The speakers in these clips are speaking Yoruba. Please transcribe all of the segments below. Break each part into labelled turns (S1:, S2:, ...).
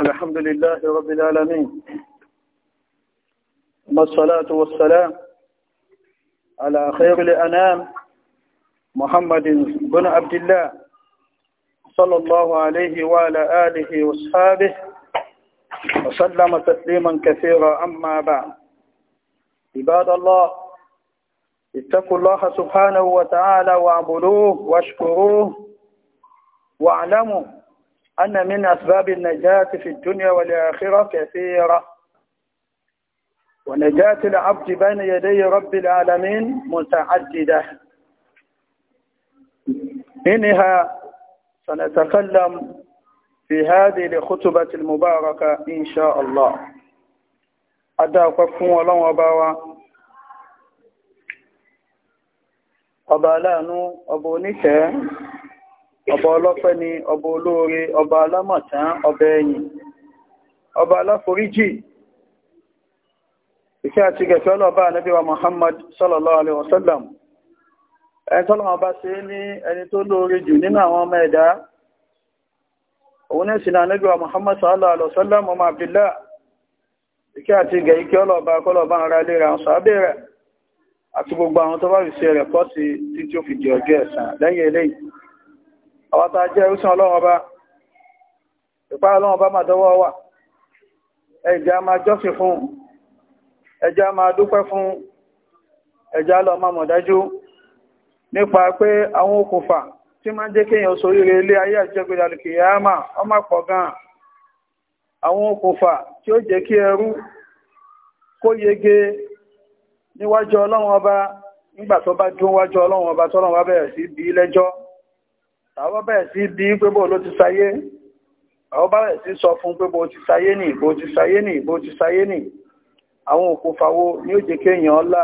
S1: الحمد لله رب العالمين والصلاة والسلام على خير الأنام محمد بن عبد الله صلى الله عليه وعلى آله وصحابه وسلم تسليما كثيرا أما بعد عباد الله اتقوا الله سبحانه وتعالى واعبدوه واشكروه واعلموا أن من أسباب النجاة في الدنيا والآخرة كثيرة ونجاة العبد بين يدي رب العالمين متعددة منها سنتكلم في هذه الخطبة المباركة إن شاء الله أدعوكم الله وبركاته ọba aláàánú ọba oníkẹ́ ọba ọlọ́pẹ́ ni ọba olóore ọba alámọ̀tán ọba ẹ̀yìn ọba aláforíjì ìfẹ́ àti gẹ̀fẹ́ ọlọ́ba ànábíwa Muhammad sallallahu ẹni ní ẹni tó lóore jù nínú àwọn ọmọ ẹ̀dá òun ẹ̀sìn ànábíwa Muhammad ọmọ àti ọlọ́ba àwọn tá a jẹ́ ìrúsàn ọlọ́run ọba ìpá ọlọ́run ọba máa dọwọ́ wà ẹjẹ́ a máa jọ́sìn fún ẹjẹ́ a máa dúpẹ́ fún ẹjẹ́ a lọ máa mọ̀ dájú nípa pé àwọn okùnfà tí máa jẹ́ kéèyàn sóríire ilé ayé àjẹgbèrè gan ọba àwọn bẹ̀rẹ̀ sí bí pé bó ló ti sayé àwọn bẹ̀rẹ̀ sí sọ fún pé bó ti sayé nì bó ti sayé nì bó ti sayé nì àwọn òkúfa wo ní ó jẹ́ kéèyàn ọlá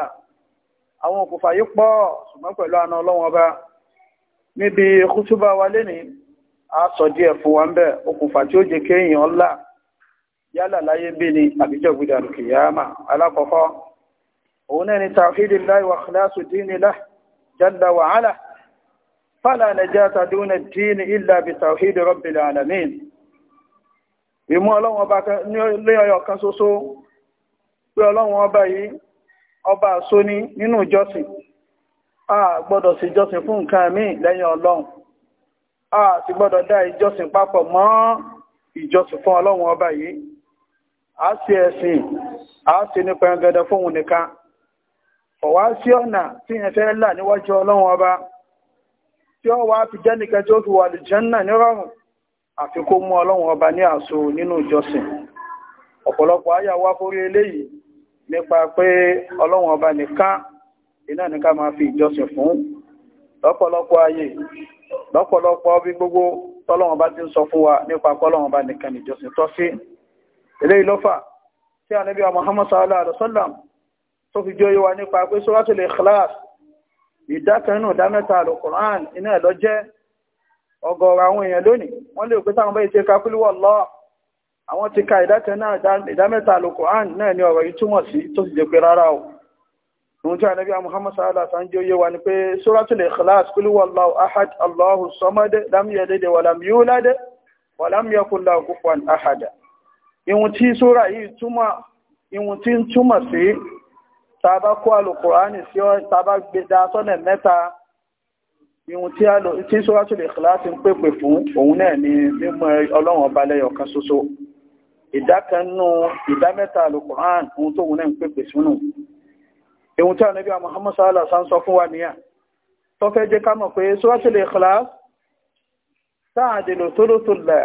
S1: àwọn òkúfa yìí pọ̀ ṣùgbọ́n pẹ̀lú àna ọlọ́wọ́n bá níbi kútúbà wa lénìí a díẹ̀ fún wa ń bẹ̀ òkúfa tí ó jẹ́ kéèyàn ọlá yálà láyé bí ni àbíjọ́ gbúdà kìyàmà alákọ̀ọ́kọ́ òun náà ni tawhidillah wa ikhlasu dinilah jalla wa ala فلا نجاة دون الدين إلا بتوحيد رب العالمين ìmú ọlọ́run ọba ní ọyọ kan ṣoṣo pé ọlọ́run ọba yìí ọba àṣó ní nínú ìjọsìn a gbọ́dọ̀ sí ìjọsìn fún nǹkan míì lẹ́yìn ọlọ́run a ti gbọ́dọ̀ dá ìjọsìn papọ̀ mọ́ ìjọsìn fún ọlọ́run ọba yìí a sì ẹ̀sìn a sì ní pẹ̀ngẹ̀dẹ̀ fóun nìkan ọ̀wá sí ọ̀nà tí yẹn fẹ́ là níwájú ọlọ́run tí ó wá fi jẹ́nìkan tí ó fi wà lùjẹ́nà nírọ̀rùn àfi kó mú ọlọ́run ọba ní àṣò nínú ìjọsìn ọ̀pọ̀lọpọ̀ àyà wá fórí eléyìí nípa pé ọlọ́run ọba nìkan iná nìkan máa fi ìjọsìn fún lọ́pọ̀lọpọ̀ ayé lọ́pọ̀lọpọ̀ bí gbogbo tọ́lọ́run ọba ti ń sọ fún wa nípa pọ́lọ́run ọba nìkan ìjọsìn tọ́ sí eléyìí lọ́fà tí ànábì wa Muhammad sallallahu alaihi tó fi jẹ́ yíwa nípa pé Suratul Ikhlas ìdákanú ìdámẹ́ta alukoran iná ẹ̀lọ jẹ́ ọgọ́rọ̀ àwọn èèyàn lónìí wọ́n lè pẹ́ta àwọn bẹ́ẹ̀ ṣe kakúlúwọ̀ lọ àwọn ti ka ìdákanú ìdámẹ́ta alukoran náà ni ọ̀rọ̀ yìí túmọ̀ sí tó sì jẹ́ pé rárá o ohun tí ànábì Muhammad sallallahu alaihi wasallam yé wa ni pé suratul ikhlas kúlúwọ̀ lọ ahad allahu samad lam yalid tàbá kó alùkùránì sí ọ́ tàbá gbé da sọ́nà mẹ́ta ihun tí suratul ikhlas ń pèpè fún òun náà ni mímọ̀ ọlọ́run ọba lẹ́yọ̀ kan ṣoṣo ìdákanú ìdámẹ́ta alùkùránì ohun tó òun náà ń pèpè sínú ihun tí a níbi Muhammad sallallahu alaihi wasallam sọ fún wa nìyà tó fẹ́ jẹ́ ká mọ̀ pé suratul ikhlas sáàdìlò tólótòlẹ̀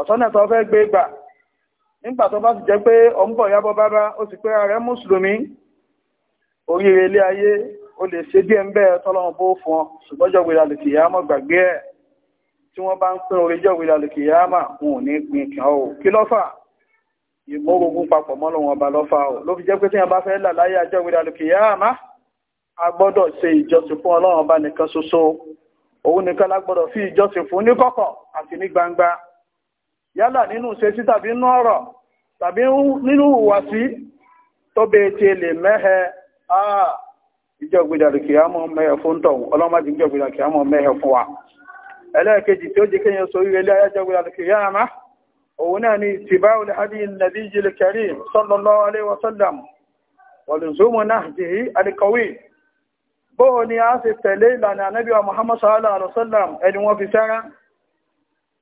S1: ọ̀sọ́nà tó fẹ́ gbé gbà nígbà tó bá ti jẹ́ pé ọ ń bọ̀ yábọ̀ bábá ó ti pé ààrẹ mùsùlùmí oríire ilé ayé o lè ṣe díẹ̀ ń bẹ́ẹ̀ tọ́lọ́run bó fún ọ ṣùgbọ́jọ́ gbèrà lè kìyà mọ́ gbàgbé ẹ̀ tí wọ́n bá ń pín oríjọ́ gbèrà lè kìyà mà wọn ò ní pin kàn ó kí lọ́fà ìmórogun papọ̀ mọ́ yálà nínú ṣetí tàbí nínú ọ̀rọ̀ tàbí nínú ìwàsí tó bẹ ti lè mẹ́hẹ àà ìjọgbìdàrí kìí àmọ́ mẹ́hẹ fún tọ̀hún ọlọ́mọdé ìjọgbìdàrí kìí àmọ́ mẹ́hẹ fún wa ẹlẹ́ẹ̀kejì tí ó jẹ́ kéyàn sọ orí ilé ayájọgbìdàrí karim sallallahu alaihi wasallam wàlùzúmù náà jìhí alìkọ̀wé bóò ni a sì tẹ̀lé ìlànà anábíwa muhammad sallallahu alaihi wasallam ẹni wọ́n fi sára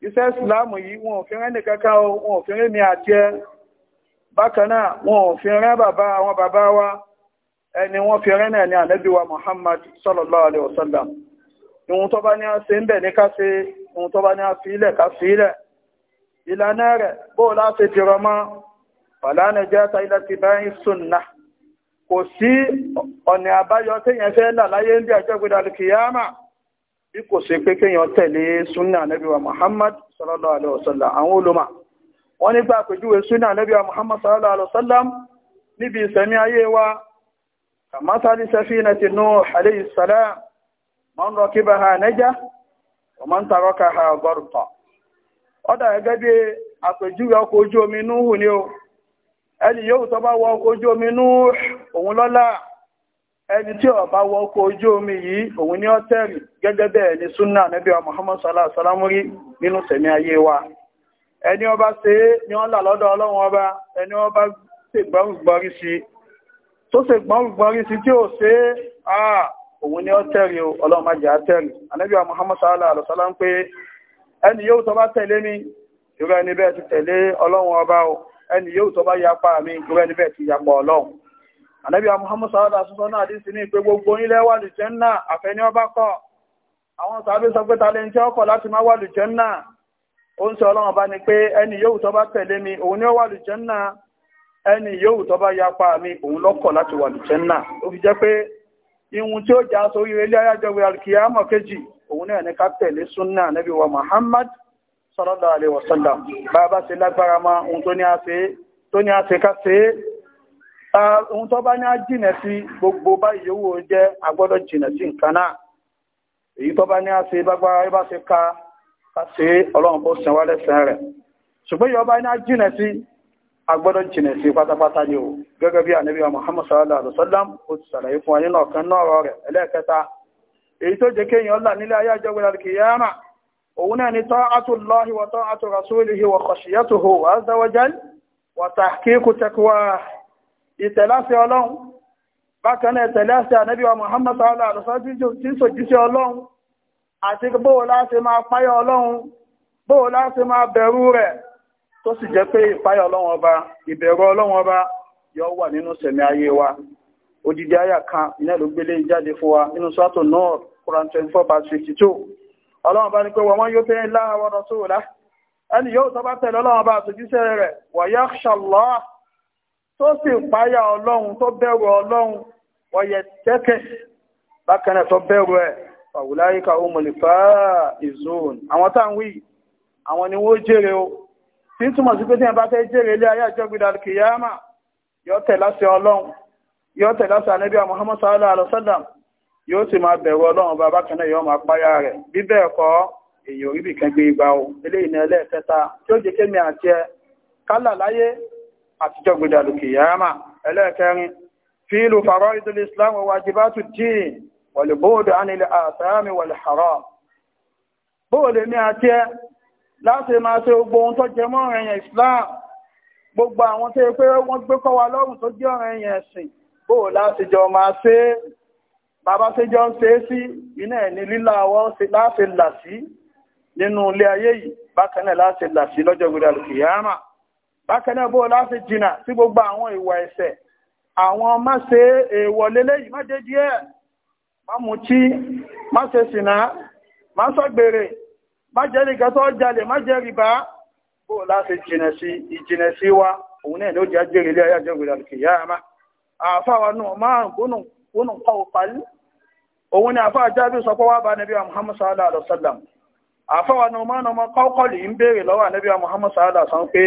S1: iṣẹ́ ìsìláàmù yìí wọn ò fi rẹ́ nìkankan o wọn ò fi rẹ́ mi àti ẹ bákan náà wọn ò fi rẹ́ bàbá àwọn bàbá wa ẹni wọ́n fi rẹ́ náà ní ànábì wa Muhammad sallallahu alaihi wasallam ìhun tó bá ní a ṣe ń bẹ̀ ní ká ṣe ìhun tó bá ní a fi ilẹ̀ ká fi ilẹ̀ ìlànà rẹ̀ bó láti ti rọmọ fàlànà jẹ́ ta ilẹ̀ ti bá ń sunna kò sí ọ̀nà àbáyọ téèyàn fẹ́ là láyé ń bí àjọ gbẹdàlù kìyàmà bí kò ṣe pé kéèyàn tẹ̀lé súnà ànábì muhammad sallallahu alaihi wasallam àwọn olùmọ̀ wọ́n nígbà àpèjúwe súnà ànábì muhammad sallallahu alaihi wasallam níbi ìsẹ̀mí ayé wa kàmátàlí safinati nuh alayhi salam man rakibaha naja wa man tarakaha gharqa ọ̀dà gẹ́gẹ́ bí àpèjúwe ọkọ̀ ojú omi núhù ni ó ẹni yóò tó bá wọ ọkọ̀ ojú omi núhù òun lọ́lá ẹni tí ó bá wọkọ̀ ojú omi yìí òun ní ọ́tẹ́rì gẹ́gẹ́ bẹ́ẹ̀ ni súnà nẹ́bí wa Muhammad sallallahu alaihi wasallam rí nínú sẹ̀mí ayé wa ẹni ó bá ṣe é ní ọ́n là lọ́dọ̀ ọlọ́run ọba ẹni ó bá ṣe gbọ́rùgbọ́rí sí tó ṣe gbọ́rùgbọ́rí sí tí ó ṣe é òun ní ọ́tẹ́rì ọlọ́run má jẹ́ átẹ́rì anẹ́bí wa Muhammad sallallahu alaihi wasallam pé ẹni yóò tó bá ọba ẹni yóò tó bá yapa mi irú ẹni bẹ́ẹ̀ ti yapa ọlọ́run ànábì Muhammad sọ́dá sọ́sọ́ náà dí sí ní pé gbogbo ilẹ̀ wà lù jẹ́nà àfẹ́ni ọba kọ́ àwọn sàbí sọ pé talẹ́ tí ọkọ̀ láti má wà lù jẹ́nà ó ń sọ ọlọ́run bá ní pé ẹni yóò tọ́ bá tẹ̀lé mi òun ni ó wà lù jẹ́nà ẹni yóò tọ́ bá yapa mi òun lọ́kọ̀ láti wà lù jẹ́nà ó fi jẹ́ pé ihun tí ó já sórí ilé ayájọwé alkiyama kejì òun náà ní ká tẹ̀lé súnà ànábì wa Muhammad sallallahu alaihi wasallam bá a bá ṣe lágbára mọ́ ohun tó ní a ṣe ká ṣe é ohun tó bá ní á jìnà sí gbogbo báyìí yòówù jẹ́ agbọ́dọ̀ jìnà sí nǹkan náà èyí tó bá ní á ṣe bágbára bá ṣe ká ká ṣe ọlọ́run bó sìn wá lẹ́sẹ̀ rẹ̀ ṣùgbọ́n yọba ní á jìnà sí agbọ́dọ̀ jìnà sí pátápátá ni o gẹ́gẹ́ bí ànábì Muhammad sallallahu alaihi wasallam ó ti ṣàlàyé fún wa nínú ọ̀kan náà ọ̀rọ̀ rẹ̀ ẹlẹ́ẹ̀kẹta èyí tó jẹ́ kéèyàn là nílé ayé àjọ gbẹdàlù kìyàmà òun náà ni ta'atullahi wa ta'atu rasulihi wa khashiyatuhu azza wa jal wa tahqiqu taqwa ìtẹ̀láṣẹ ọlọ́run bákan náà ìtẹ̀láṣẹ ànábì wa Muhammad sallallahu alaihi wasallam tí ń sòjúṣe ọlọ́run àti bóò láti máa páyà ọlọ́run bóò láti máa bẹ̀rù rẹ̀ tó sì jẹ́ pé ìpáyà ọlọ́run ọba ìbẹ̀rù ọlọ́run ọba yóò wà nínú sẹ̀mí ayé wa Quran 24 verse 52 ọlọ́run bá ní pé wọ́n yóò fẹ́ láàárọ̀ tó rà ẹni yóò tọ́ bá tẹ̀lé ọlọ́run rẹ̀ wa yakhsha Allah tó sì páyà ọlọ́run tó bẹ̀rù ọlọ́run ọyẹ tẹ́kẹ̀ bákanẹ̀ tó bẹ̀rù ẹ̀ ọ̀wùláríkà òmùlìfà ìzóòn àwọn tá ń wí àwọn ni wọ́n jèrè o tí ń sí pé tí wọ́n bá fẹ́ jèrè ilé ayé àjọ gbìdà kìyàmà yóò tẹ̀ láti ọlọ́run yóò tẹ̀ láti Muhammad sallallahu alaihi wasallam yóò sì máa bẹ̀rù ọlọ́run bákanẹ̀ yóò máa páyà àtijọ́ gbẹdàlùkì yàrámà ẹlẹ́ẹ̀kẹrin fíìlù fàrọ́ ìdílé islam wàjibátù dín wàlùbóòdù ánilẹ̀ àtàmì wàlùhàrọ̀ bóòlù ní àti ẹ láti máa ṣe gbogbo ohun tó jẹ mọ́ ẹ̀yìn islam gbogbo àwọn tó yẹ pé wọ́n gbé bákan náà bó láti jìnnà sí gbogbo àwọn ìwà ẹ̀ṣẹ̀ àwọn má ṣe èèwọ̀ lélẹ́yìí má jẹ́ díẹ̀ má mutí má ṣe sìnà má ṣọ̀gbèrè má jẹ́ nìkan tó jalè má jẹ́ rìbá bó láti jìnnà sí ìjìnnà sí wa òun náà ló jẹ́ jẹ́rìí ilé ayájọ́ ìgbìyànjú àfáwà náà máa ń gbónú kọ́ pàlú òun ni àfáà jábí sọ pọ́wà bá nàbí Muhammad sallallahu alaihi wasallam àfáwà náà máa ń kọ́ kọ́lì ń béèrè lọ́wọ́ nàbí Muhammad sallallahu alaihi pé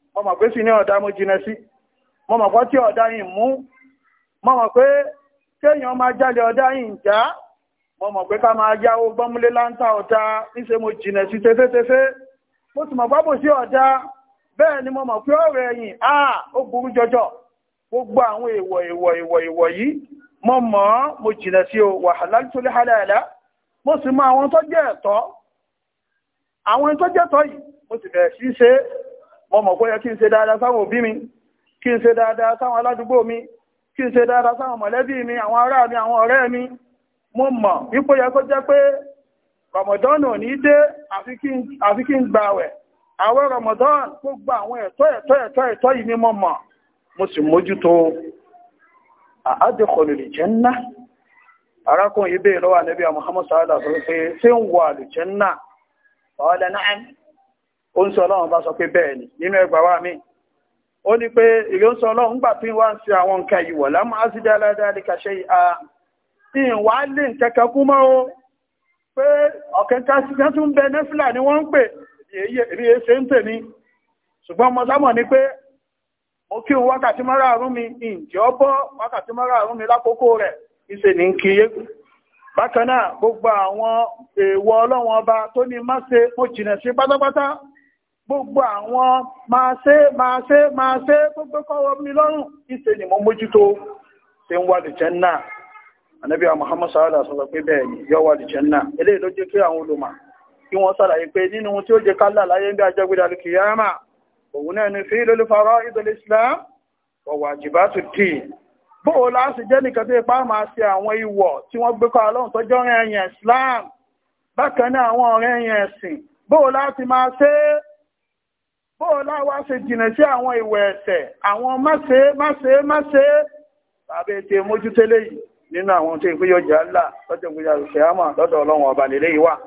S1: mọ́mọ̀ pé sí ní ọ̀dá mú jìnà sí mọ́mọ̀ pọ́ tí ọ̀dá yìí mú mọ́mọ̀ pé kéèyàn máa jáde ọ̀dá yìí já mọ́mọ̀ pé ká máa yáwó gbọ́múlé láńtà ọ̀dá níṣẹ́ mo jìnà sí tẹ́fẹ́tẹ́fẹ́ mo sì mọ̀ pápò sí ọ̀dá bẹ́ẹ̀ ni mọ́mọ̀ pé ọ̀rẹ́ ẹ̀yìn a ó burú jọjọ gbogbo àwọn èèwọ̀ èèwọ̀ èèwọ̀ èèwọ̀ yìí mọ́ mo jìnà sí o wàhálà tó lé hálàlá mo sì mọ àwọn tó jẹ́ ẹ̀tọ́ àwọn tó jẹ́ ẹ̀tọ́ yìí mo sì bẹ̀rẹ̀ sí ṣe mo mọ̀ pé yẹ kí n ṣe dáadáa sáwọn òbí mi kí n ṣe dáadáa sáwọn aládùúgbò mi kí n ṣe dáadáa sáwọn mọ̀lẹ́bí mi àwọn ará mi àwọn ọ̀rẹ́ mi mo mọ̀ wípé yẹ kó jẹ́ pé Ramadan ò ní dé àfi kí n gba àwẹ̀ àwẹ̀ rọmọdọ́n gbogbo àwọn ẹ̀tọ́ ẹ̀tọ́ ẹ̀tọ́ ẹ̀tọ́ yìí ni mo mọ̀ mo sì mójútó àádẹ́kọ̀lù lè arákùnrin yìí lọ́wọ́ ànẹ́bí Muhammad sallallahu alaihi wasallam pé ṣé ń wọ àlùjẹ́ náà ó ń sọ ọlọ́run bá sọ pé bẹ́ẹ̀ ni nínú ẹgbà wa mi ó ní pé ìrè ń sọ ọlọ́run gbà tí wọ́n ń ṣe àwọn nǹkan ìwọ̀ lámú ásídé aládàáni kàṣẹ ìhà tí ìwà lè kẹkẹ kú mọ́ o pé ọ̀kẹ́kẹ́ síkẹ́ tún bẹ nẹ́fìlà ni wọ́n ń pè èyí ṣe ń tèmi ṣùgbọ́n mo sámọ̀ ni pé mo kí n wákàtí mọ́ra àrùn mi ìjọ bọ́ wákàtí mọ́ra àrùn mi lákòókò rẹ̀ ìṣe ní kí yé bákan náà gbogbo àwọn èèwọ̀ ọlọ́wọ́n ọba tó ní má ṣe mo jìnà sí pátápátá gbogbo àwọn máa ṣe máa ṣe máa ṣe gbogbo kọ́wọ́ mi lọ́rùn ìṣe ni mo mójútó ṣe ń wà lè jẹ́ náà ànábì Muhammad sáàdà sọ̀rọ̀ pé bẹ́ẹ̀ ni yọ́ wà lè jẹ́ náà eléyìí ló jẹ́ kí àwọn olùmọ̀ kí wọ́n ṣàlàyé pé nínú ohun tí ó jẹ́ kálà láyé ń bí ajẹ́gbéra lè kìyàmà òun náà ni fi lórí farọ́ ìdọ̀lẹ̀ Islam ọ̀wà àjìbá tó dì bó o láti jẹ́ nìkan tó ipá máa ṣe àwọn ìwọ̀ tí wọ́n gbé kọ́ alóhùn tọ́jọ́ rẹ̀ ẹ̀yìn Islam bákan náà àwọn ọ̀rẹ́ ẹ̀yìn ẹ̀sìn bó o láti máa ṣe é bóò láwá ṣe jìnà sí àwọn ìwẹ̀ ẹ̀ṣẹ̀ àwọn máṣe máṣe máṣe tàbí ti mójútélé yìí nínú àwọn tó ìpéyọ jà ńlá lọ́jọ́ ìgbéyà rùṣẹ́ àmà lọ́dọ̀ ọlọ́run ọba lè ni wọ́n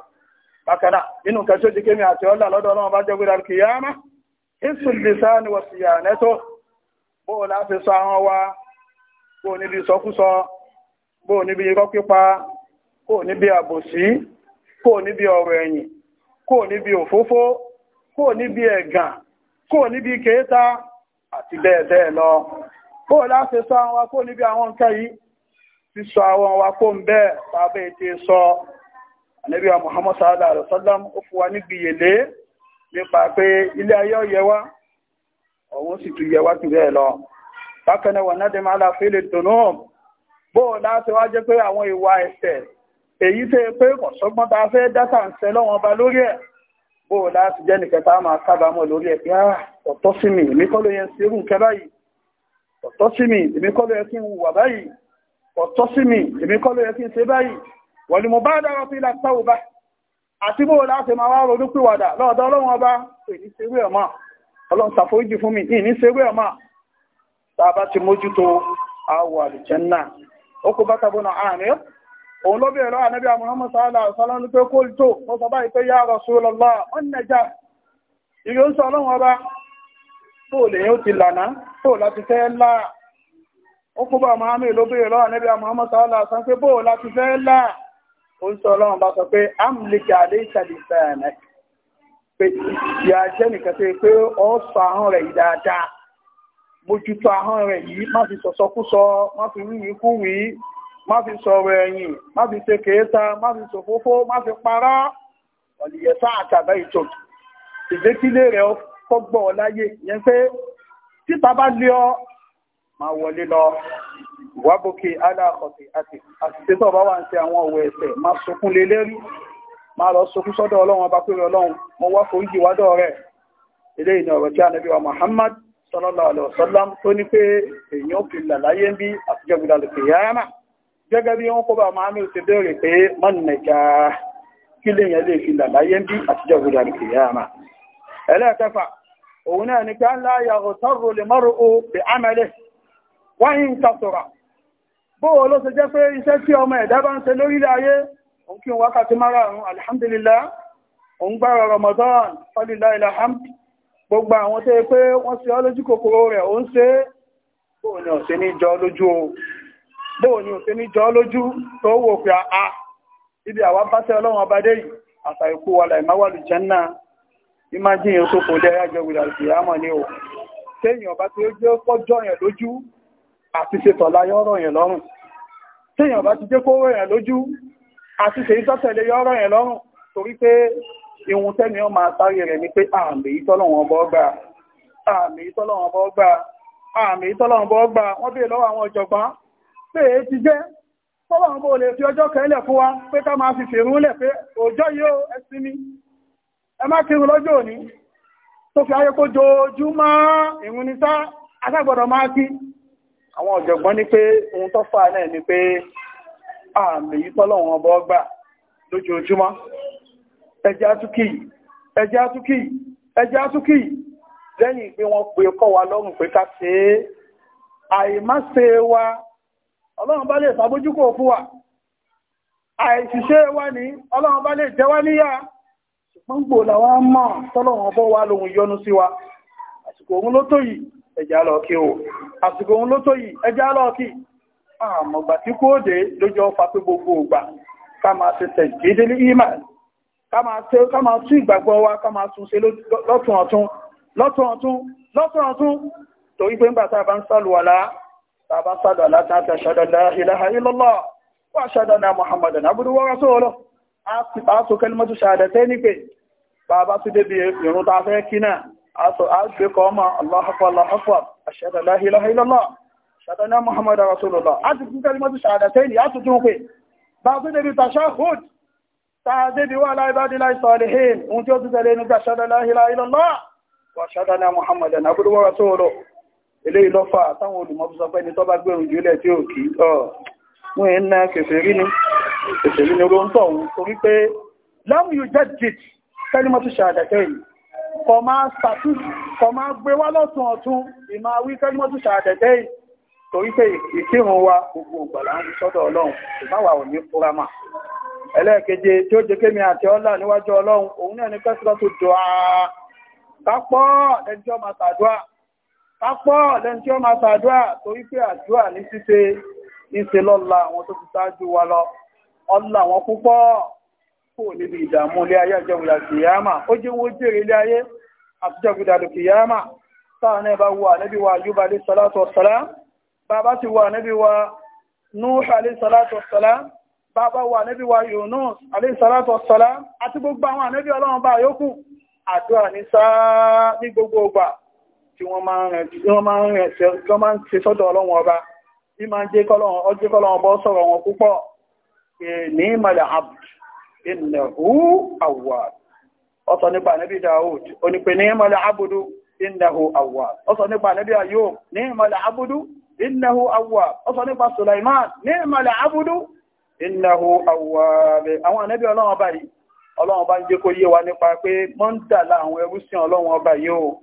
S1: sì yà nẹ́tọ́ bóò láti sọ àwọn wa bóò níbi ìsọkúsọ kò níbi àbòsí kò kò níbi òfófó ẹ̀gàn kó níbi kèéta àti bẹ́ẹ̀ bẹ́ẹ̀ lọ kó láti sọ àwọn wa kó níbi àwọn nǹkan yìí sísọ àwọn wa ń bẹ́ẹ̀ bàbá ètè sọ ànábì wa Muhammad sallallahu alaihi wasallam ó fún wa nígbìyèlé nípa pé ilé ayé ọ̀yẹ́ wa ọ̀hún sì tún yẹ wá jù bẹ́ẹ̀ lọ bákan náà wọ̀n náà dé máa láfi lè dùnú bó láti wá jẹ́ pé bó o láti jẹ́ nìkan tá a máa kábàámọ̀ lórí ẹ̀ pé ah, ọ̀tọ̀ sí mi èmi kọ́ ló yẹn ṣerú nǹkan báyìí ọ̀tọ̀ sí mi èmi kọ́ ló yẹ kí n wà báyìí ọ̀tọ̀ sí mi èmi kọ́ ló yẹ kí n ṣe báyìí wọ́n ni mo bá dára fi la tá ò bá àti bó o láti máa wá ronú pìwàdà lọ́dọ̀ ọlọ́run ọba èyí ṣerú ẹ̀ máa ọlọ́run ṣàforíjì a bá ti mójútó àwọ̀ àlùjẹ́ náà òun ló bèèrè lọ́wọ́ anábíà muhammad sallallahu alaihi wasallam pé kó tó saba sọ báyìí pé ya rasulullah ọ́n nẹja ìrì ó ọlọ́run ọba tó lè yóò ti lànà tó láti fẹ́ lá ó kó muhammad ló bèèrè lọ́wọ́ muhammad sallallahu alaihi pé bó ọlọ́run sọ pé pé ìyá jẹ́ nìkan pé ọ sọ ahọ́n rẹ̀ yìí dáadáa ahọ́n rẹ̀ yìí má fi sọ̀sọ́kúsọ má fi má fi sọ̀rọ̀ ẹ̀yìn má fi ṣe kèéta má fi ṣòfófó má fi pará ọ̀lìyẹ̀sá àtàbá ìtò ìgbékílé rẹ̀ kọ́gbọ̀ láyé yẹn pé títa bá lé ọ máa wọlé lọ wábòkè aláàkọ̀tì àti àtìsẹ́tọ̀ bá wà ń ṣe àwọn ọ̀wọ̀ ẹ̀ṣẹ̀ máa sọkún lé lérí máa lọ sọkún sọ́dọ̀ ọlọ́run ọba péré ọlọ́run mo wá foríjì wádọ̀ rẹ̀ eléyìí ni ọ̀rọ̀ tí ànábì wa Muhammad sallallahu alaihi wasallam tó ní pé èèyàn fi là láyé ń bí àtijọ́ gbọdọ̀ lè yára náà gẹ́gẹ́ bí wọ́n kó bá máa mí ti béèrè pé mọ́nìyàn kí lè yẹn lè fi làláyé bí àtijọ́ ìgbòdà nìkè yá máa ẹlẹ́ẹ̀kẹfà òun náà ni pé ń láyà ọ̀tọ́rò lè mọ́rò ó bè ámẹ́lẹ̀ wáyé ń tàtọ̀rà bóò ló ṣe jẹ́ pé iṣẹ́ tí ọmọ ẹ̀dá bá ń ṣe lórílẹ̀ ayé òun kí wákàtí márààrún alhamdulillah òun gbára Ramadan falilai alhamd gbogbo àwọn tó yẹ pé wọ́n ṣe ọ lójú kòkòrò rẹ̀ ó ń bóò ni ọ̀sẹ̀ ní jọ lójú o bóò ni òṣè ní jọ lójú tó wò pé àá ah, ibi àwa bá tẹ́ ọlọ́run ọba dé yìí àṣà ìkú wa là ìmáwà lù jẹ́ náà ìmájìn yẹn tó kò lé ẹjọ́ gbìyà sí àmọ́ ni o téèyàn ọba tí ó jẹ́ pọ́jọ́ yẹn lójú àti ṣe tọ̀la yọ́rọ̀ yẹn lọ́rùn téèyàn ọba ti jẹ́ kó rọ̀ yẹn lójú àti ṣe ìtọ́tẹ̀lé yọ́rọ̀ yẹn lọ́rùn torí pé ihun tẹ́ni ọ máa sáré rẹ̀ ni pé àmì ìtọ́lọ̀wọ̀n bọ́ gbà àmì ìtọ́lọ̀wọ̀n bọ́ gbà àmì ìtọ́lọ̀wọ̀n bọ́ gbà wọ́n bèè lọ́wọ́ àwọn ọ̀jọ̀gbọ́n pé èé ti jẹ́ fọ́wọ́ àwọn olè fi ọjọ́ kẹ́lẹ̀ fún wa pé ká máa fi fèrún lẹ̀ pé òjò yóò ẹsìnmi ẹ má kírun lọ́jọ́ òní tó fi ayé kó jojúmọ́ ìrun ní máa kí àwọn ọ̀jọ̀gbọ́n ní pé ohun tó fà náà ni pé àmì àìmáṣe wa ọlọ́run bá lè sàbójúkò fún wa àìṣiṣẹ́ wá ní ọlọ́run bá lè jẹ wá níyà ṣùgbọ́n gbò làwọn mọ̀ tọ́lọ̀wọ̀n bọ́ wá lóhun yọ́nú sí wa àsìkò òun ló tó yìí ẹjá lọ́ọ̀kí o àsìkò òun ló tó yìí ẹjá lọ́ọ̀kí àmọ̀gbà tí kó dé lójọ ọfà pé gbogbo ògbà ká máa ṣe tẹ̀jẹ́dé ní ìmà ká máa tún ìgbàgbọ́ wa ká máa tún ṣe lọ́tún ọ̀tún lọ́tún ọ̀tún lọ́tún ọ̀tún torí pé ń gbà tá a bá ń sálùwàlá tàbá sádà látàtà ṣádàlá ilaha illallah wà ṣádàlá muhammadan abudu wa rasuluhu a sọ kalmatu ṣádàtẹ́ ní pé bàbá tó débi ìrún ta fẹ́ kí náà a sọ a gbé kọ́ ọmọ Allahu akbar Allahu akbar ṣádàlá ilaha illallah ṣádàlá muhammadan eléyìí lọ́fà táwọn olùmọ́bí sọ pé ní tọ́bá gbẹ̀rùn jùlẹ̀ tí ò kí wọ́n ń na kèfèrí ni kèfèrí ni oró ń tọ̀hún torí pé láwọn yóò jẹ́jìt kẹ́límọ́tù ṣàdẹ̀kẹ́ yìí kọ máa gbé wá lọ́tún ọ̀tún ìmá wí kẹ́límọ́tù ṣàdẹ̀kẹ́ yìí torí pé ìkírun wa gbogbo ògbàlá ń sọ́dọ̀ ọlọ́run ìmáwà ò ní fúramà ẹlẹ́ẹ̀keje tí ó jẹ́ kémi àti ọlá níwájú ọlọ́run òun náà ní kẹ́sìlọ́tù dùn á kápọ́ ẹjọ́ máa tàdúrà kápọ́ lẹ́ni tí ó máa ṣàdúrà torí pé àdúrà ní ṣíṣe ìṣe lọ́la àwọn tó ti ṣáájú wa lọ ọlá àwọn púpọ̀ kò níbi ìdààmú ilé ayé àjọgbìdà kìyàmà ó jẹ́ owó jèrè ilé ayé àtijọgbìdà kìyàmà táà náà bá wà wa Ayúbà alayhi salatu wassalam bàbá ti wà níbi wa salatu wassalam bàbá wà níbi wa Yunus salatu wassalam àti gbogbo àwọn ànẹ́bí ọlọ́run bá yókù àdúrà ní sáà tí wọ́n máa ń ṣe sọ́dọ̀ ọlọ́run ọba bí máa jẹ́ kọ́lọ́run ọba sọ̀rọ̀ wọn púpọ̀ ní ìmọ̀lẹ̀ abd innahu awwab ọ̀sọ̀ nípa nẹ́bí Daud ó ní pé ní ìmọ̀lẹ̀ abudu innahu awwab ọ̀sọ̀ nípa nẹ́bí Ayub ní ìmọ̀lẹ̀ abudu innahu awwab ọ̀sọ̀ nípa Sulaiman ní ìmọ̀lẹ̀ abudu innahu awwab àwọn ànẹ́bí ọlọ́run ọba yìí ọlọ́run ọba ń jẹ́ kó yé wa nípa pé mọ́ńdàlá àwọn ẹrú sí ọlọ́run ọba yìí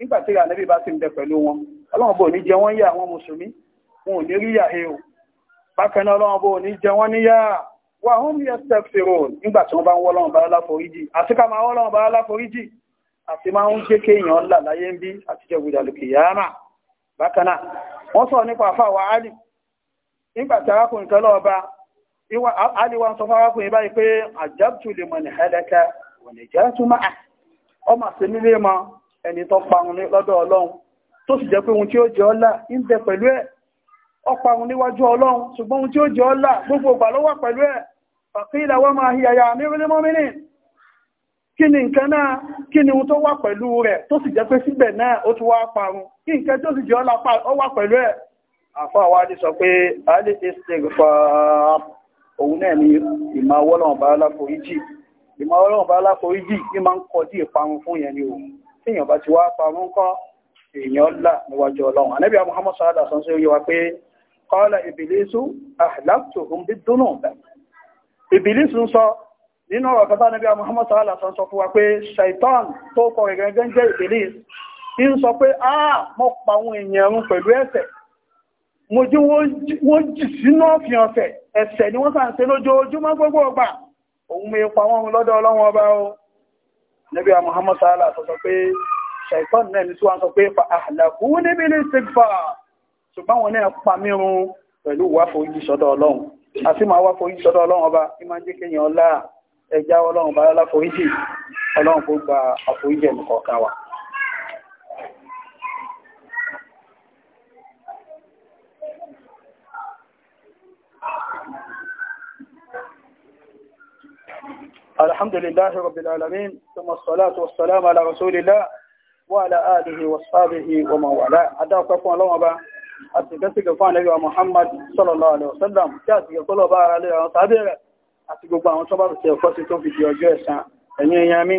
S1: nígbà tí ìyá ànábì bá ti ń bẹ pẹ̀lú wọn ọlọ́run bò ní jẹ wọ́n yá àwọn mùsùlùmí wọn ò ní rí yà he o bákan náà ọlọ́run bò ní jẹ wọ́n níyà wà hum yastaghfirun nígbà tí wọ́n bá ń wọ́ ọlọ́run bá láforíjì àti ká máa wọ́ ọlọ́run bá láforíjì àti máa ń jẹ́ kéèyàn là láyé ń bí àti jẹ́ gbùdàlùkì yáàmà bákan náà wọ́n sọ nípa àfàwà alì nígbà tí arákùnrin kan lọ́ọ́ bá aliwa ń sọ fún báyìí pé àjábùtù lè mọ̀ ní ẹlẹ́kẹ́ wọ̀n túmọ̀ ọmọ àti nílé mọ́ ẹni tó parun lọ́dọ̀ ọlọ́run tó sì jẹ́ pé ohun tí ó jẹ́ ọlá ń bẹ pẹ̀lú ẹ̀ ó parun níwájú ọlọ́run ṣùgbọ́n ohun tí ó jẹ́ ọlá gbogbo ìgbà ló pẹ̀lú ẹ̀ máa hi àyà mi mọ́mínì kí ni nǹkan náà kí ni ohun tó wà pẹ̀lú rẹ̀ tó sì jẹ́ pé síbẹ̀ náà ó wá parun kí nǹkan tó sì jẹ́ ọlá sọ pé alẹ́ òun náà ni ìmọ̀ ọlọ́run bá ìmọ̀ ọlọ́run bá ní máa ń kọjú ìparun fún tíyàn bá ti wá pamọ́ kọ́ èèyàn là níwájú ọlọ́run ànábì Muhammad sọ́dà sọ sí wa pé qala ìbìlísù àhìláàtò ń bí dúnà ọ̀bẹ ìbìlísù ń sọ nínú ọ̀rọ̀ kọta ànábì Muhammad sọ́dà sọ sọ fún wa pé shaitan tó kọ rẹ̀ gẹ́gẹ́ jẹ́ ìbìlís ti ń sọ pé a mọ́ pa àwọn èèyàn run pẹ̀lú ẹ̀ṣẹ̀ mo jí wọ́n jì sínú ọ̀fìn ọ̀sẹ̀ níbi Muhammad sallá sọ pé ṣàìtàn náà ní tí wọ́n sọ pé fa àlàkú níbi ní sígbà ṣùgbọ́n wọn náà pa mírun pẹ̀lú wà foríjì sọ́dọ̀ ọlọ́run àti máa wà foríjì sọ́dọ̀ ọlọ́run ọba ní máa ń jẹ́ kéèyàn ọlá ẹja ọlọ́run bá lọ́lá foríjì ọlọ́run kó gba àforíjì ẹnìkọ̀ọ̀kan wa الحمد لله رب العالمين ثم الصلاة والسلام على رسول الله وعلى آله وصحبه ومن والاه أدعو كفوا الله أبا أتكسك فان نبي محمد صلى الله عليه وسلم كاتك كل أبا عليه وصحبه أتكو بان وصبر سيفوسي توفي في وجوه ẹ̀yìn ẹ̀yìn mi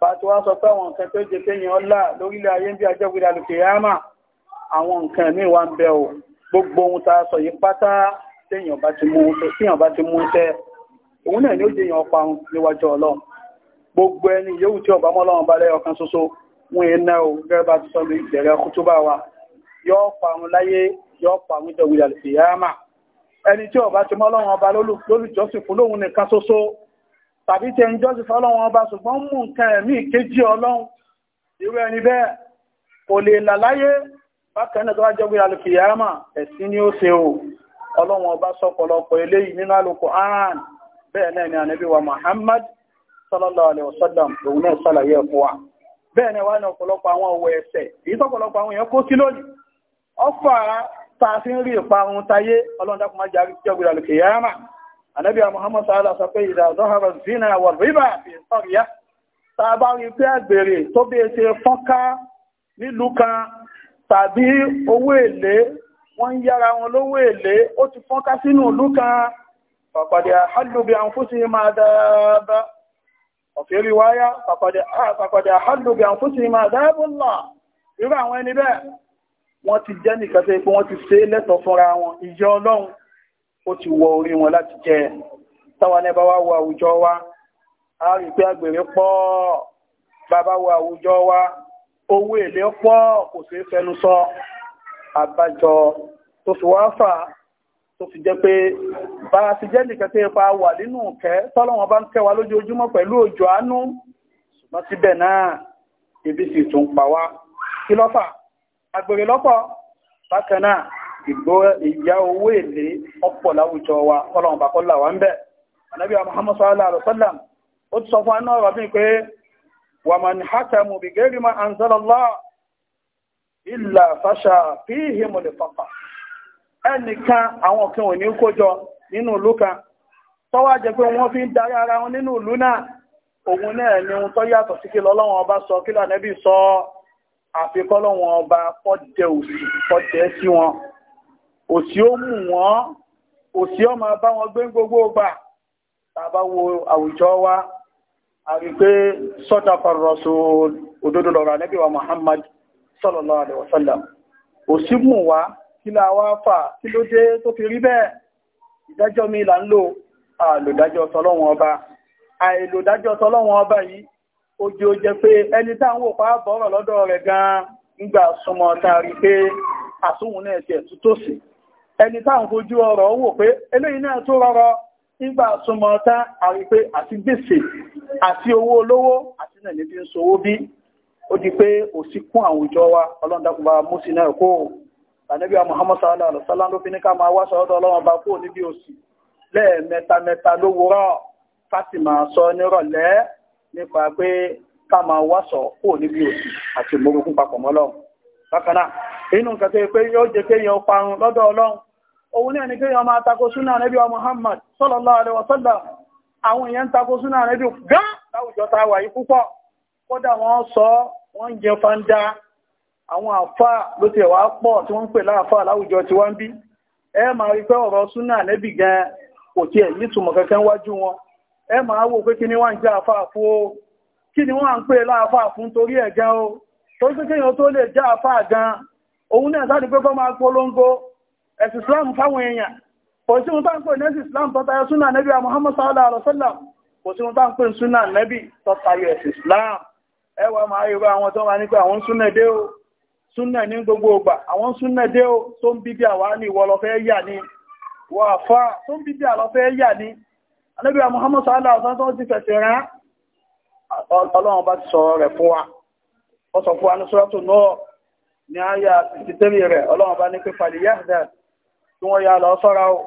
S1: pàtó wá sọ pé àwọn nǹkan tó jẹ kéyìn ọlá lórílẹ̀ ayé bí ajẹ́gbìdà lókè yáàmà àwọn nǹkan míì wá ń bẹ o gbogbo ohun tá a sọ yìí pátá téèyàn bá ti mú iṣẹ́ òun náà ni ó jẹyàn ọparun níwájú ọlọ́run gbogbo ẹni yóò tí ọba mọ́lọ́run bá lẹ́yọ kan ṣoṣo wọn iná o gẹ́gẹ́ bá ti sọ lórí ìbẹ̀rẹ̀ kútúbà wa yóò parun láyé yóò parun ìdọ̀wì àlùfíyàmà ẹni tí ọba ti mọ́lọ́run ọba lólùjọ́sìn fún lóhun nìkan ṣoṣo tàbí tẹ ń jọ́sìn fọ́lọ́run ọba ṣùgbọ́n mú nǹkan ẹ̀mí kejì ọlọ́run irú ẹni bẹ́ẹ̀ kò lè là láyé bákan náà tó bá jọ́gbé bẹ́ẹ̀ náà ni ànábì wa Muhammad sallallahu alaihi wasallam òun náà sàlàyé ẹ̀fọ́ wa bẹ́ẹ̀ náà wà ní tá a fi ń rí ìparun táyé ọlọ́dàkùn a bá rí pé àgbèrè tó bí ṣe fọ́nká nílùú kan tàbí owó èlé wọ́n ń yára wọn lówó èlé ó ti fọ́nká sínú ìlú فقد أحلوا بأنفسهم عذاب وفي رواية فقد فقد أحلوا بأنفسهم عذاب الله irú àwọn ẹni bẹ́ẹ̀ wọ́n ti jẹ́ nìkan tó pé wọ́n ti ṣe lẹ́tọ̀ọ́ fúnra wọn ìjọ ọlọ́run ó ti wọ orí wọn láti jẹ táwọn ẹbá wá wo àwùjọ wa a rí pé àgbèrè pọ̀ bàbá wo àwùjọ wa owó èlé pọ̀ kò sí fẹnu sọ àbájọ tó fi wá fà tó fi jẹ́ pé bára ti jẹ́ nìkan tí ipa wà nínú ìkẹ́ tọ́lọ́wọ́n bá ń kẹ́ wa lójoojúmọ́ pẹ̀lú òjò àánú ṣùgbọ́n síbẹ̀ náà ibi sì tún pa wá kí lọ́fà àgbèrè lọ́pọ̀ bákan náà ìgbó ìyá owó èlé ọ̀pọ̀ láwùjọ wa ọlọ́run bá kọ́lá wa ń bẹ̀. Ànábì Muhammad sallallahu alaihi wasallam ó ti sọ fún aná ọ̀rọ̀ bíi pé wa man hakamu bi ghairi ma anzala Allah illa fasha fihimul faqa ẹnìkan àwọn kan ò ní kójọ nínú ìlú kan tọ́wọ́ jẹ́ pé wọ́n fi ń darí ara wọn nínú ìlú náà òun náà ni ohun tó yàtọ̀ sí kí lọ́lọ́wọ́n ọba sọ kí lànẹ́bí sọ àfikọ́ lọ́wọ́n ọba fọ́jẹ́ òsì fọ́jẹ́ sí wọn òsì ó mú wọn òsì ó máa bá wọn gbé gbogbo gbà tàbá wo àwùjọ wa àrí pé sọ́dà fàrọ̀sọ òdodo lọ́rọ̀ ànẹ́bí wa Muhammad sallallahu alaihi wasallam òsì mú wa kí la wá fà kí ló dé tó fi rí bẹ́ẹ̀ ìdájọ́ mi là ń lò àlòdájọ́ tọlọ́wọ́n ọba àìlòdájọ́ tọlọ́wọ́n ọba yìí ó jẹ́ ó jẹ́ pé ẹni táwọn òpá bọ́rọ̀ lọ́dọ̀ rẹ̀ gan-an nígbà súnmọ́ tààrí pé àsúnwò náà ti ẹ̀tú tó sí ẹni táwọn fojú ọrọ̀ wò ó di pé ànábíà Muhammad sallallahu alaihi wasallam ló fi ní ká máa wá sọ́dọ̀ ọlọ́run ọba kúrò níbi òsì lẹ́ẹ̀mẹ́ta mẹ́ta lówùúrọ̀ ká sọ nírọ̀lẹ́ nípa pé ká máa wá sọ kúrò níbi òsì àti ìmọ̀rúkún papọ̀ mọ́ ọlọ́run bákan náà inú nǹkan parun ni tako súnà gán sọ wọ́n jẹ àwọn àfáà ló ti ẹ̀wà pọ̀ tí wọ́n ń pè láàfáà láwùjọ tí wọ́n ń bí ẹ máa rí pé ọ̀rọ̀ súnà nẹ́bì gan kò tí ẹ̀ kankan wájú wọn ẹ máa wò pé kí ni wọ́n ń o kí ni wọ́n ń pè láàfáà fún torí ẹ̀ gan o torí pé kéèyàn tó lè jẹ́ àfáà gan òun náà sáà pé máa polongo ẹ̀sìn Islam fáwọn èèyàn kò sí pè ní ẹ̀sìn Islam súnà nẹ́bì súnà ní gbogbo ọgbà àwọn súnà dé ó tó ń bíbí àwa ní ìwọ lọ fẹ́ yà ní wà fà tó ń bíbí àlọ fẹ́ yà ní alẹ́bíà Muhammad sallallahu alaihi wasallam ti fẹ̀sẹ̀ rán ọlọ́run bá ti sọ rẹ̀ fún wa ó sọ fún wa ní sọ́rọ́tò náà ní àyà títẹ́rì rẹ̀ ọlọ́run bá ní pé fàlì yáàdà tí wọ́n ya lọ sọ́ra o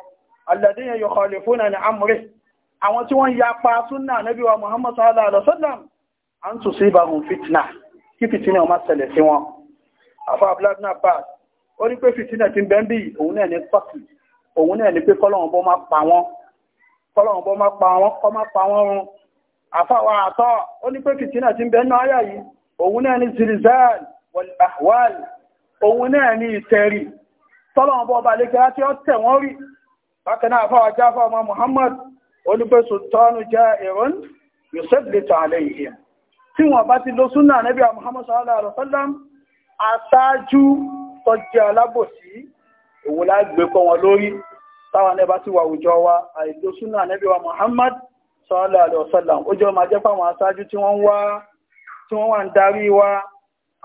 S1: alladhina yukhalifuna ní amúrè àwọn tí wọ́n ya pa súnà alẹ́bíà Muhammad sallallahu alaihi wasallam an tusibahum fitna kí fìtínà ó má sí wọn àfa abdullahi abbas ó ní pé fìtínà ti ń bẹ́ ń bì òun náà ní pọ́sì òun náà ní pé kọ́lọ́run bó má pa wọ́n kọ́lọ́run bó má pa wọ́n kọ́ má pa wọ́n run àfa wa àtọ́ ó ní pé fìtínà ti ń bẹ́ ń náà yà yìí òun náà ní zirizal wal ahwal òun náà ní ìtẹ̀rì tọ́lọ́wọ́n bọ́ ọba lékẹ́ láti ọ́ tẹ̀ wọ́n rí bákan náà fáwọn ajá fáwọn ọmọ Muhammad onípẹ́ sultanu jẹ́ ìrún yusuf lè tọ́ àlẹ́ ìhìn tí wọ́n bá ti lọ súnà Ànábì Muhammad sallallahu alaihi wasallam aṣáájú tó jẹ́ alábòsí òun lágbé kọ́ wọn lórí táwọn ẹbá ti wà àwùjọ wa àìlò súnà ànábì wa Muhammad sallallahu alaihi wasallam ó jẹ́ ọmọ ajẹ́ fáwọn aṣáájú tí wọ́n wà ń darí wa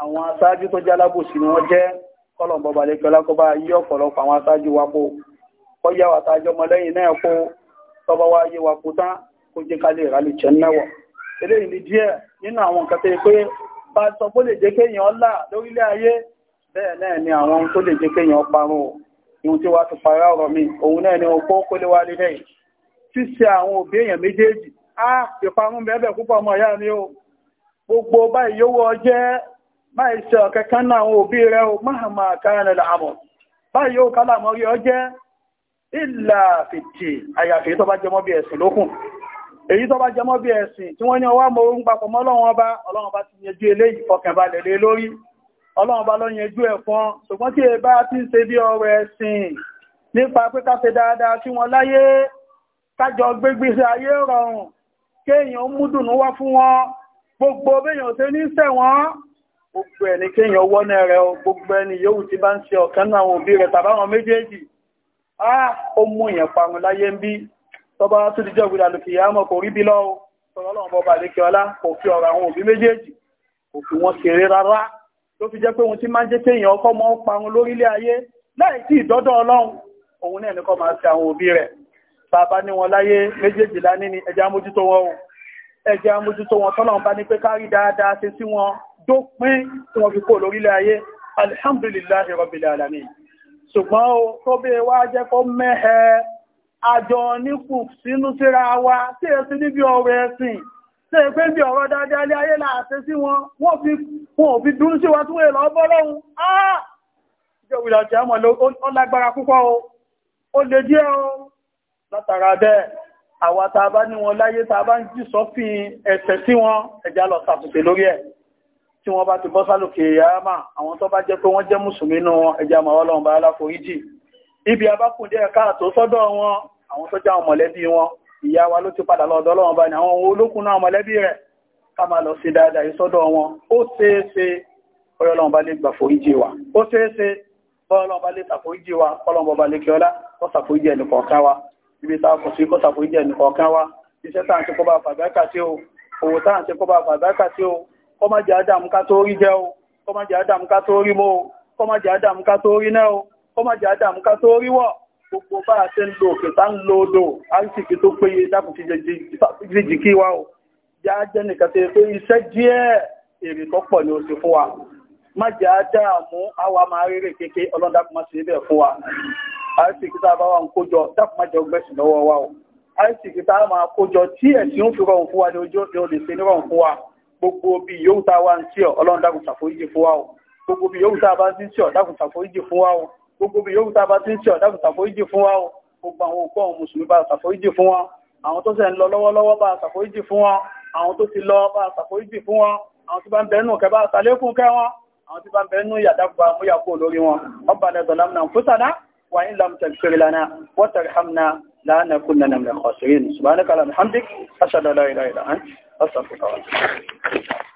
S1: àwọn aṣáájú tó jẹ́ alábòsí ni wọ́n jẹ́ kọ́lọ̀ bọ́ba lẹ́kọ́lá kó bá yí ọ̀pọ̀lọpọ̀ àwọn aṣáájú wa kó kọ́ yá wa bá sọ pé lè jẹ́ kéèyàn ọlá lórílẹ̀ ayé bẹ́ẹ̀ náà ni àwọn tó lè jẹ́ kéèyàn parun ohun tí wá ti fara ọ̀rọ̀ mi òun náà ni okó kólé wá lé lẹ́yìn ṣíṣe àwọn òbí èèyàn méjèèjì "Ah! ìparun púpọ̀ ọmọ ìyá o gbogbo báyìí ọ̀kẹ́kẹ́ náà àwọn òbí máàmà báyìí yóò kálàmọ́ rí ìlà àyàfi tó bá jẹmọ́ bí ẹ̀sìn lókùn èyí tó bá jẹmọ́ bí ẹ̀sìn tí wọ́n ní ọwá mọ̀ orún papọ̀ mọ́ ọlọ́run ọba ọlọ́run ọba ti yẹjú eléyìí fọkànbalẹ̀ lé lórí ọlọ́run ọba ló yẹjú ẹ̀fọn ṣùgbọ́n tí ẹ bá ti ń ṣe bí ọ̀rọ̀ ẹ̀sìn nípa pé ká ṣe dáadáa tí wọ́n láyé kájọ gbégbèsè ayé rọrùn kéèyàn mú dùnú wá fún wọn gbogbo béèyàn ṣe ní sẹ̀wọ̀n gbogbo ẹni kéèyàn wọ́nà rẹ̀ gbogbo ẹni yóò ti bá ń ṣe ọ̀kan náà òbí rẹ̀ tàbáwọn méjèèjì ah ó mú èèyàn parun láyé ń bí tọba tó ti jẹ́ ìgbìdà lòkè àmọ́ kò rí bí lọ́wọ́ tọ́lọ́wọ́n bọ́ba lékè ọlá kò fi ọ̀rọ̀ àwọn òbí méjèèjì kò fi wọn ṣeré rárá ló fi jẹ́ pé ohun tí máa jẹ́ kéèyàn ọkọ mọ́ parun lórílẹ̀ ayé láì tí ìdọ́dọ̀ ọlọ́run òun náà ní máa ṣe àwọn òbí rẹ̀ bàbá ní wọn láyé méjèèjì lání ni ẹja mójútó wọn o ẹja mójútó wọn tọ́lọ́run bá ní pé kárí dáadáa ṣe sí wọn dópin tí wọ́n fi kó lórílẹ̀ ayé alhamdulillahi rabbil alamin ṣùgbọ́n o tó bẹ́ẹ̀ wá jẹ́ kó mẹ́hẹ́ẹ́ àjọ nípù sínú síra wa tí è sí níbi ọ̀rọ̀ ẹ̀sìn tí è pé bí ọ̀rọ̀ dáadáa lé ayé láàṣẹ sí wọn wọ́n fi dúró sí wa tún èlò ọbọ́ lọ́hun áà ìjọba ìlàjì àmọ̀ ó lágbára púpọ̀ o ó lè díẹ̀ o látara bẹ́ẹ̀ àwa tá a bá ní wọn láyé tá a bá ń jí sọ́fin ẹ̀ṣẹ̀ sí wọn ẹ̀já lọ sàtúnṣe lórí ẹ̀ tí wọ́n bá ti bọ́ sálòkè yàámà àwọn tó bá jẹ́ pé wọ́n jẹ́ mùsùlùmí nù wọn ẹ̀já màá ọlọ́run bá aláforíjì ibi abákùndé ẹ̀ka àtò wọn àwọn tó jáwọn mọ̀lẹ́bí wọn ìyá wa ló ti padà lọ́dọ̀ Ọlọ́run bá ní àwọn olókun náà mọ̀lẹ́bí rẹ̀ ká máa lọ sí dáadáa ìsọ́dọ̀ wọn ó ṣeéṣe Ọlọ́run bá lè gbà foríjì wa ó ṣeéṣe Ọlọ́run bá wa Ọlọ́run bá lè kí ọlá kó ṣàforíjì wa ibi tá a kò sí kó wa iṣẹ́ tá à ń ṣe kó bá fàgbákà sí o òwò tá à ń ṣe kó bá fàgbákà sí o kó má jẹ́ ádámù ká tó rí náà o kó jẹ́ ádámù tó rí wọ̀ gbogbo bá a ṣe ń lo òkè tá ń lo odò àríṣìkí tó péye dákùn ti jẹ jìkí wa o já jẹ́ nìkan tó yẹ pé iṣẹ́ díẹ̀ èrè tó pọ̀ ni ó ṣe fún wa má jẹ́ àdáàmú àwa máa rere kéke ọlọ́dàkùn má ṣe bẹ́ẹ̀ fún wa àríṣìkí tá a bá wà ń kójọ dákùn má jẹ́ ọgbẹ́sìn lọ́wọ́ wa o àríṣìkí tá a máa kójọ tí ẹ̀sìn ń fi rọrùn fún wa ni ojú òde òde ṣe ní rọrùn fún wa gbogbo bí yóò tá a wá ń tí ọ ọlọ́dàkùn ṣàforíjì fún tá a bá ń tí ọ dákùn gbogbo bí yóò tàbá tí ń ṣe ọ̀dá ṣàforíjì fún wa o gbogbo àwọn òkú àwọn mùsùlùmí bá ṣàforíjì fún wa àwọn tó ṣẹ̀ ń lọ lọ́wọ́lọ́wọ́ bá ṣàforíjì fún wa àwọn tó ti lọ bá ṣàforíjì fún wa àwọn tí bá ń bẹ̀ẹ́nù kẹ bá ṣàlékún kẹ wọn àwọn tí bá ń bẹ̀ẹ́nù yàdàgbà múyàkó lórí wọn ọba nẹ̀dọ̀lá náà fúsàdá وإن لم تغفر لنا وترحمنا لنكن من الخاسرين سبحانك اللهم وبحمدك أشهد أن لا